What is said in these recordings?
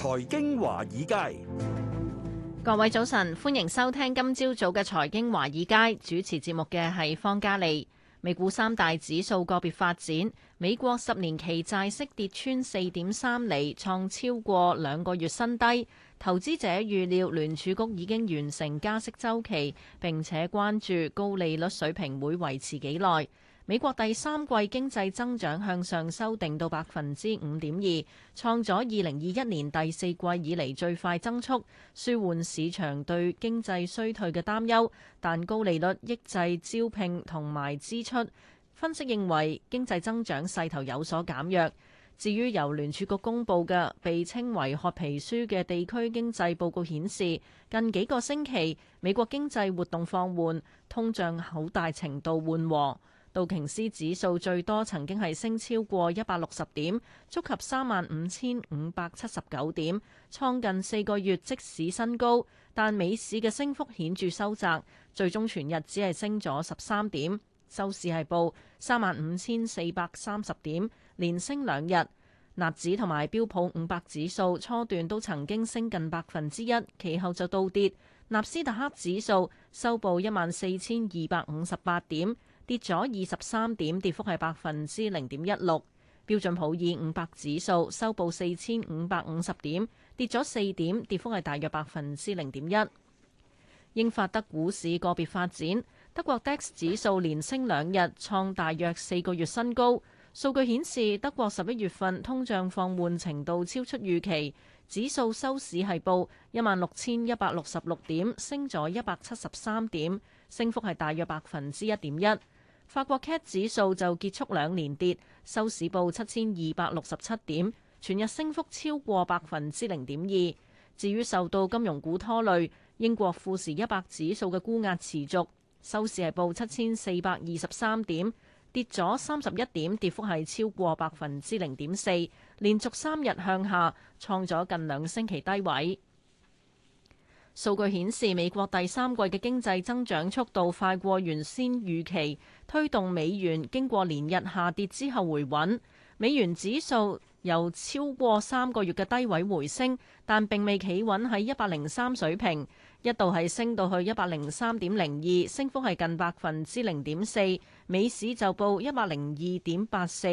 財經華爾街，各位早晨，歡迎收聽今朝早嘅財經華爾街。主持節目嘅係方嘉利。美股三大指數個別發展，美國十年期債息跌，跌穿四點三厘，創超過兩個月新低。投資者預料聯儲局已經完成加息週期，並且關注高利率水平會維持幾耐。美國第三季經濟增長向上修訂到百分之五點二，創咗二零二一年第四季以嚟最快增速，舒緩市場對經濟衰退嘅擔憂。但高利率抑制招聘同埋支出，分析認為經濟增長勢頭有所減弱。至於由聯儲局公布嘅被稱為褐皮書嘅地區經濟報告顯示，近幾個星期美國經濟活動放緩，通脹好大程度緩和。道瓊斯指數最多曾經係升超過一百六十點，觸及三萬五千五百七十九點，創近四個月即市新高。但美市嘅升幅顯著收窄，最終全日只係升咗十三點，收市係報三萬五千四百三十點，連升兩日。納指同埋標普五百指數初段都曾經升近百分之一，其後就倒跌。納斯達克指數收報一萬四千二百五十八點。跌咗二十三點，跌幅係百分之零點一六。標準普爾五百指數收報四千五百五十點，跌咗四點，跌幅係大約百分之零點一。英法德股市個別發展，德國 DAX 指數連升兩日，創大約四個月新高。數據顯示，德國十一月份通脹放緩程度超出預期，指數收市係報一萬六千一百六十六點，升咗一百七十三點。升幅係大約百分之一點一。法國 CAC 指數就結束兩連跌，收市報七千二百六十七點，全日升幅超過百分之零點二。至於受到金融股拖累，英國富時一百指數嘅沽壓持續，收市係報七千四百二十三點，跌咗三十一點，跌幅係超過百分之零點四，連續三日向下，創咗近兩星期低位。數據顯示，美國第三季嘅經濟增長速度快過原先預期，推動美元經過連日下跌之後回穩。美元指數由超過三個月嘅低位回升，但並未企穩喺一百零三水平，一度係升到去一百零三點零二，升幅係近百分之零點四。美市就報一百零二點八四。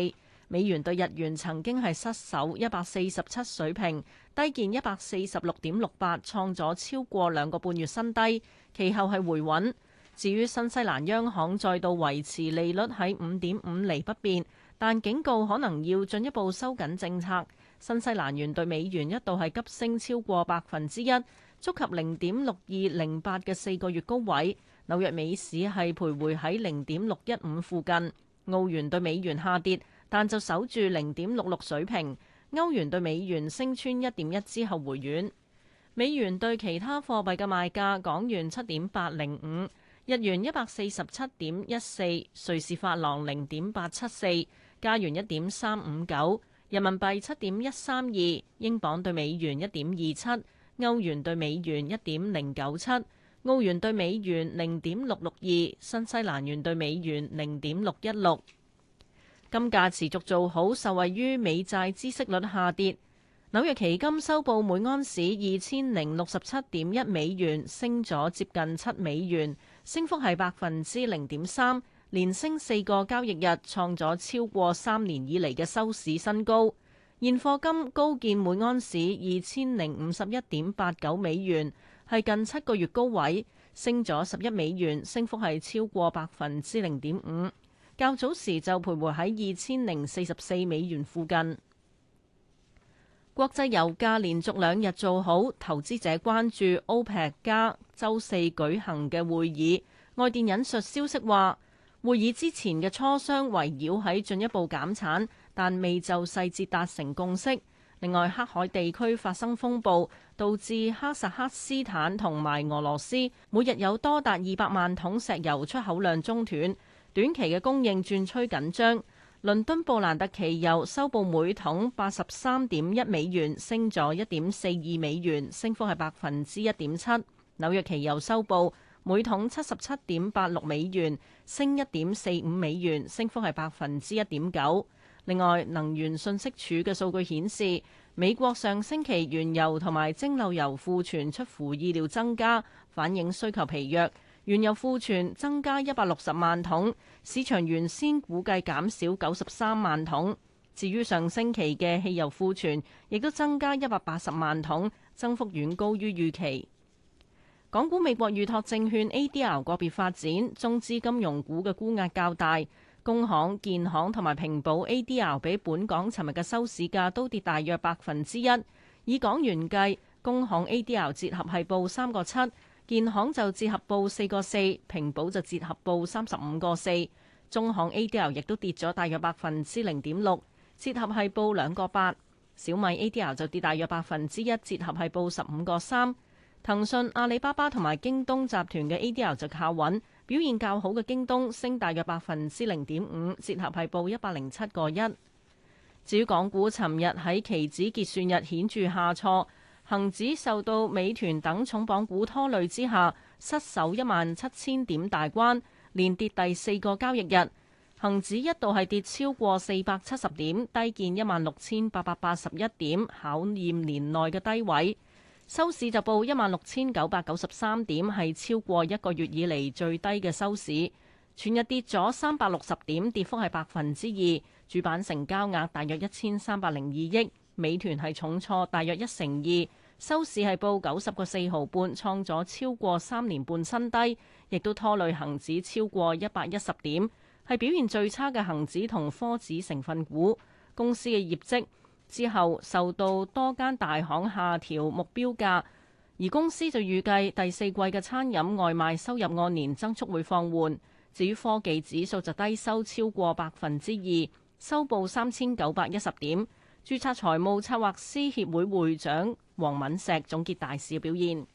美元兌日元曾經係失守一百四十七水平，低見一百四十六點六八，創咗超過兩個半月新低。其後係回穩。至於新西蘭央行再度維持利率喺五點五厘不變，但警告可能要進一步收緊政策。新西蘭元對美元一度係急升超過百分之一，觸及零點六二零八嘅四個月高位。紐約美市係徘徊喺零點六一五附近。澳元對美元下跌。但就守住零點六六水平，歐元對美元升穿一點一之後回軟。美元對其他貨幣嘅賣價：港元七點八零五，日元一百四十七點一四，瑞士法郎零點八七四，加元一點三五九，人民幣七點一三二，英鎊對美元一點二七，歐元對美元一點零九七，澳元對美元零點六六二，新西蘭元對美元零點六一六。金價持續做好，受惠於美債孳息率下跌。紐約期金收報每安士二千零六十七點一美元，升咗接近七美元，升幅係百分之零點三，連升四個交易日，創咗超過三年以嚟嘅收市新高。現貨金高見每安士二千零五十一點八九美元，係近七個月高位，升咗十一美元，升幅係超過百分之零點五。較早時就徘徊喺二千零四十四美元附近。國際油價連續兩日做好，投資者關注歐佩克加週四舉行嘅會議。外電引述消息話，會議之前嘅磋商圍繞喺進一步減產，但未就細節達成共識。另外，黑海地區發生風暴，導致哈薩克斯坦同埋俄羅斯每日有多達二百萬桶石油出口量中斷。短期嘅供應轉趨緊張，倫敦布蘭特期油收報每桶八十三點一美元，升咗一點四二美元，升幅係百分之一點七。紐約期油收報每桶七十七點八六美元，升一點四五美元，升幅係百分之一點九。另外，能源信息署嘅數據顯示，美國上星期原油同埋蒸餾油庫存出乎意料增加，反映需求疲弱。原油庫存增加一百六十萬桶，市場原先估計減少九十三萬桶。至於上星期嘅汽油庫存，亦都增加一百八十萬桶，增幅遠高於預期。港股美國預託證券 ADR 個別發展，中資金融股嘅沽壓較大，工行、建行同埋平保 ADR 比本港尋日嘅收市價都跌大約百分之一。以港元計，工行 ADR 折合係報三個七。建行就折合報四個四，平保就折合報三十五個四，中行 ADR 亦都跌咗大約百分之零點六，折合係報兩個八。小米 ADR 就跌大約百分之一，折合係報十五個三。騰訊、阿里巴巴同埋京東集團嘅 ADR 就靠穩，表現較好嘅京東升大約百分之零點五，折合係報一百零七個一。至於港股，尋日喺期指結算日顯著下挫。恒指受到美團等重磅股拖累之下，失守一萬七千點大關，連跌第四個交易日。恒指一度係跌超過四百七十點，低見一萬六千八百八十一點，考驗年內嘅低位。收市就報一萬六千九百九十三點，係超過一個月以嚟最低嘅收市。全日跌咗三百六十點，跌幅係百分之二。主板成交額大約一千三百零二億。美團係重挫，大約一成二，收市係報九十個四毫半，創咗超過三年半新低，亦都拖累恒指超過一百一十點，係表現最差嘅恒指同科指成分股。公司嘅業績之後受到多間大行下調目標價，而公司就預計第四季嘅餐飲外賣收入按年增速會放緩。至於科技指數就低收超過百分之二，收報三千九百一十點。註冊財務策劃師協會會長黃敏石總結大市嘅表現。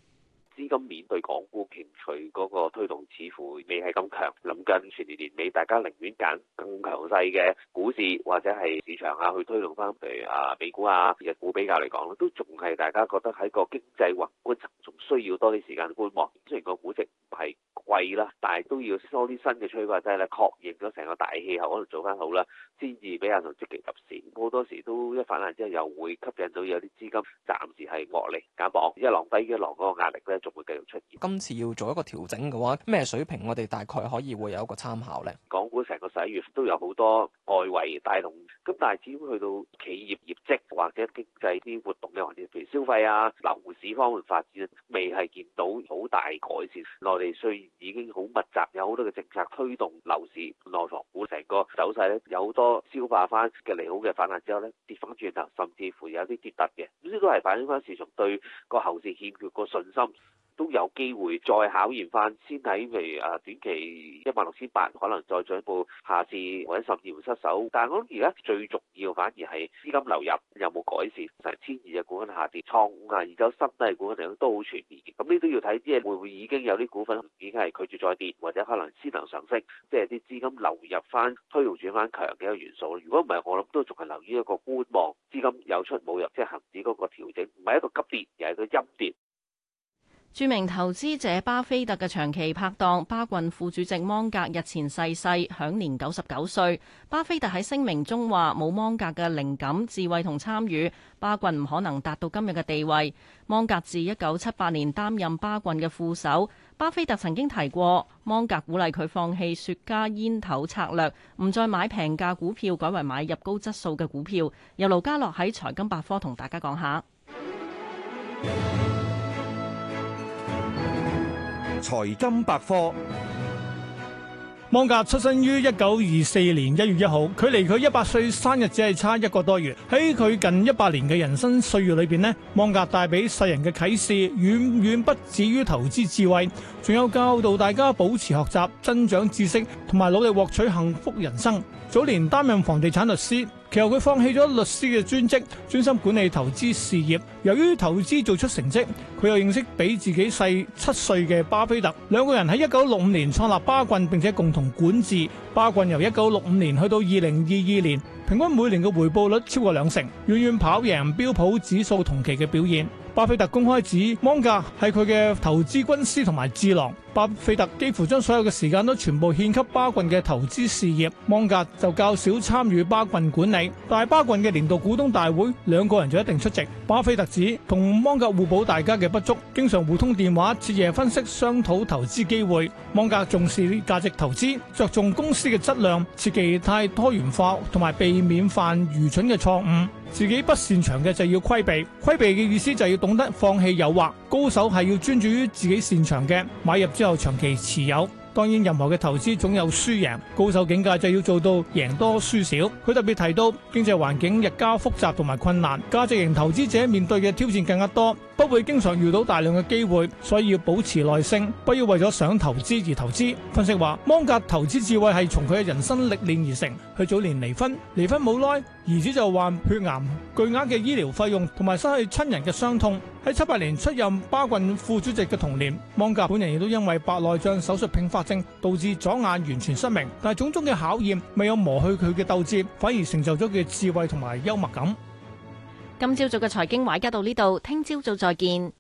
資金面對港股興趣嗰個推動似乎未係咁強，臨近全年年尾，大家寧願揀更強勢嘅股市或者係市場啊，去推動翻。譬如啊，美股啊，日股比較嚟講都仲係大家覺得喺個經濟環觀層，仲需要多啲時間觀望。雖然個估值唔係貴啦，但係都要多啲新嘅催化劑咧，確認咗成個大氣候可能做翻好啦，先至比較同積極入市。好多時都一反彈之後，又會吸引到有啲資金暫時係獲利減磅，一浪低一浪嗰個壓力咧，會繼續出現。今次要做一個調整嘅話，咩水平我哋大概可以會有一個參考咧？港股成個十一月都有好多外圍帶動，咁但係只要去到企業業績或者經濟啲活動嘅環節，譬如消費啊、樓市方面發展，未係見到好大改善。內地雖然已經好密集，有好多嘅政策推動樓市，內房股成個走勢咧，有好多消化翻嘅利好嘅反彈之後咧，跌翻轉頭，甚至乎有啲跌突嘅，呢啲都係反映翻市場對個後市欠缺個信心。都有機會再考驗翻，先睇譬如啊短期一萬六千八，可能再進一步下跌或者甚至會失守。但係我諗而家最重要反而係資金流入有冇改善。成千二隻股份下跌，創五啊，而家新低股份嚟講都好全面嘅。咁呢都要睇即係會唔會已經有啲股份已經係拒絕再跌，或者可能先能上升，即係啲資金流入翻推動轉翻強嘅一個元素。如果唔係，我諗都仲係留意一個觀望，資金有出冇入，即係恆指嗰個調整，唔係一個急跌，而係一個陰跌。著名投資者巴菲特嘅長期拍檔巴郡副主席芒格日前逝世，享年九十九歲。巴菲特喺聲明中話：冇芒格嘅靈感、智慧同參與，巴郡唔可能達到今日嘅地位。芒格自一九七八年擔任巴郡嘅副手，巴菲特曾經提過，芒格鼓勵佢放棄雪茄煙頭策略，唔再買平價股票，改為買入高質素嘅股票。由盧家樂喺財金百科同大家講下。 財金百科，芒格出生於一九二四年一月一號，距離佢一百歲生日只係差一個多月。喺佢近一百年嘅人生歲月裏邊呢，芒格帶俾世人嘅啟示遠遠不止於投資智慧，仲有教導大家保持學習、增長知識同埋努力獲取幸福人生。早年擔任房地產律師。其後佢放棄咗律師嘅專職，專心管理投資事業。由於投資做出成績，佢又認識比自己細七歲嘅巴菲特。兩個人喺一九六五年創立巴郡，並且共同管治巴郡。由一九六五年去到二零二二年，平均每年嘅回報率超過兩成，遠遠跑贏標普指數同期嘅表現。巴菲特公開指芒格係佢嘅投資軍師同埋智囊。巴菲特幾乎將所有嘅時間都全部獻給巴郡嘅投資事業，芒格就較少參與巴郡管理。大巴郡嘅年度股東大會，兩個人就一定出席。巴菲特指同芒格互補大家嘅不足，經常互通電話，徹夜分析、商討投資機會。芒格重視價值投資，着重公司嘅質量，切忌太多元化，同埋避免犯愚蠢嘅錯誤。自己不擅長嘅就要規避，規避嘅意思就要懂得放棄誘惑。高手係要專注於自己擅長嘅，買入之後長期持有。當然，任何嘅投資總有輸贏，高手境界就要做到贏多輸少。佢特別提到，經濟環境日加複雜同埋困難，價值型投資者面對嘅挑戰更加多，不會經常遇到大量嘅機會，所以要保持耐性，不要為咗想投資而投資。分析話，芒格投資智慧係從佢嘅人生歷練而成。佢早年離婚，離婚冇耐，兒子就患血癌。巨額嘅醫療費用同埋失去親人嘅傷痛，喺七八年出任巴郡副主席嘅同年，蒙格本人亦都因為白內障手術併發症導致左眼完全失明。但係種種嘅考驗未有磨去佢嘅鬥志，反而成就咗佢嘅智慧同埋幽默感。今朝早嘅財經華爾街到呢度，聽朝早再見。